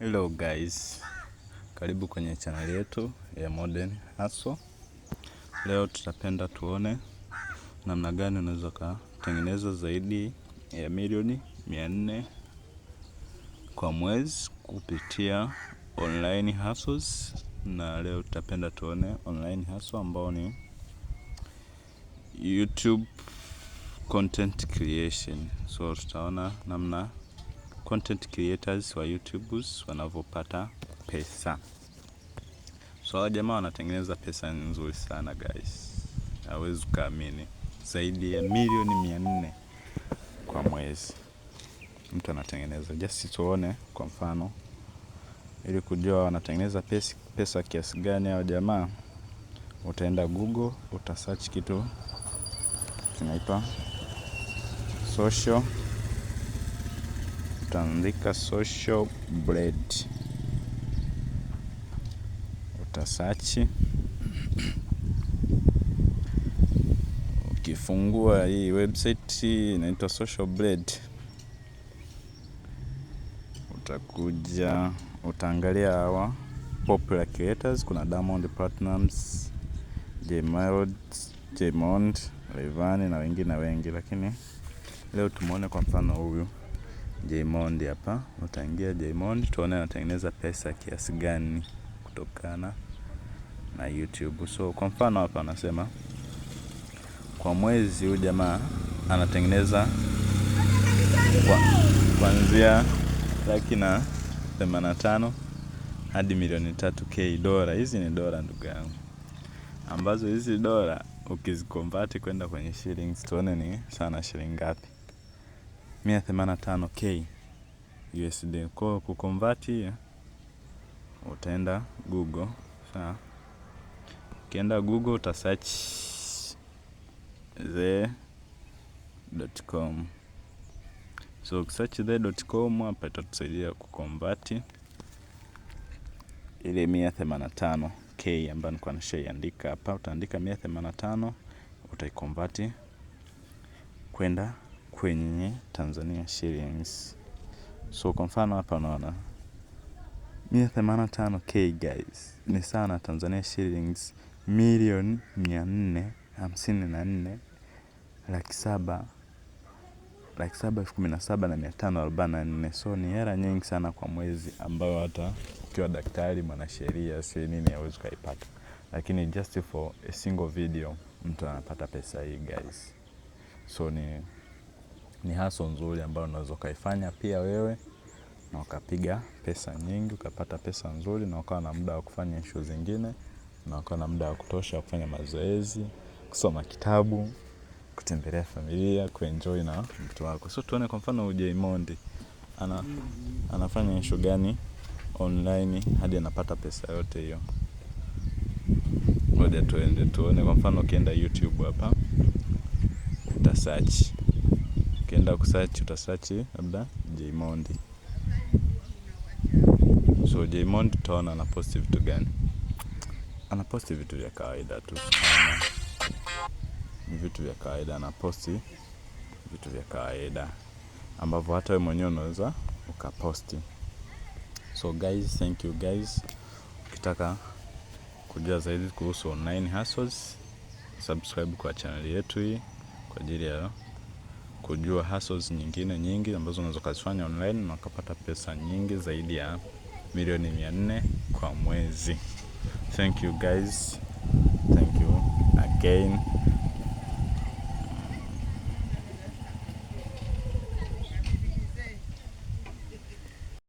Hello guys, karibu kwenye channel yetu ya Modern Hustle. Leo tutapenda tuone namna gani unaweza ukatengeneza zaidi ya milioni mia nne kwa mwezi kupitia online hustles, na leo tutapenda tuone online hustle ambao ni YouTube content creation. So tutaona namna content creators wa YouTubers wanavyopata pesa. So hawa jamaa wanatengeneza pesa nzuri sana guys, hawezi ukaamini, zaidi ya milioni mia nne kwa mwezi mtu anatengeneza. Just tuone kwa mfano, ili kujua wanatengeneza pesa, pesa kiasi gani hawa jamaa, utaenda Google utasearch kitu kinaitwa social utaandika social bread, utasachi ukifungua hii website inaitwa social bread, utakuja utaangalia hawa popular creators, kuna Diamond Platnumz, Jemond, Jemond Rayvanny na wengine wengi, lakini leo tumeone kwa mfano huyu Jaymondi hapa. Utaingia Jaymondi tuone anatengeneza pesa kiasi gani kutokana na YouTube. So kwa mfano hapa anasema kwa mwezi huyu jamaa anatengeneza kuanzia laki na 85 hadi milioni tatu k dola. Hizi ni dola ndugu yangu, ambazo hizi dola ukizikombati kwenda kwenye shillings tuone ni sana shilingi ngapi. 185k USD. Kwa kuconvert eh, utaenda Google. Sawa, ukienda Google uta search the.com. So search the.com hapa itatusaidia kuconvert ile 185k ambayo nilikuwa nishaiandika hapa. Utaandika 185 utaikonvert kwenda kwenye Tanzania shillings. So kwa mfano hapa unaona 185k guys, ni sawa na Tanzania shillings milioni 454 laki saba laki saba elfu kumi na saba na mia tano arobaini na nne. So ni hela nyingi sana kwa mwezi, ambayo hata ukiwa daktari, mwanasheria, si nini, hauwezi ukaipata, lakini just for a single video mtu anapata pesa hii guys, so ni ni haso nzuri ambayo unaweza ukaifanya pia wewe na ukapiga pesa nyingi, ukapata pesa nzuri, na ukawa na muda wa kufanya shughuli zingine, na ukawa na muda wa kutosha wa kufanya mazoezi, kusoma kitabu, kutembelea familia, kuenjoy na mtu wako. So tuone kwa mfano Mondi ana, anafanya issue gani online hadi anapata pesa yote hiyo? Ngoja tuende tuone. Kwa mfano ukienda YouTube hapa utasearch ukienda kusearch utasearch labda Jaymondi. So Jaymondi utaona anaposti vitu gani? Anaposti vitu vya kawaida tu, vitu vya kawaida anaposti vitu vya kawaida ambavyo hata wewe mwenyewe unaweza ukaposti. So guys, thank you guys. Ukitaka kujua zaidi kuhusu online hustles, subscribe kwa channel yetu hii kwa ajili ya kujua hustles nyingine nyingi ambazo unaweza kuzifanya online na ukapata pesa nyingi zaidi ya milioni mia nne kwa mwezi. Thank you guys. Thank you again.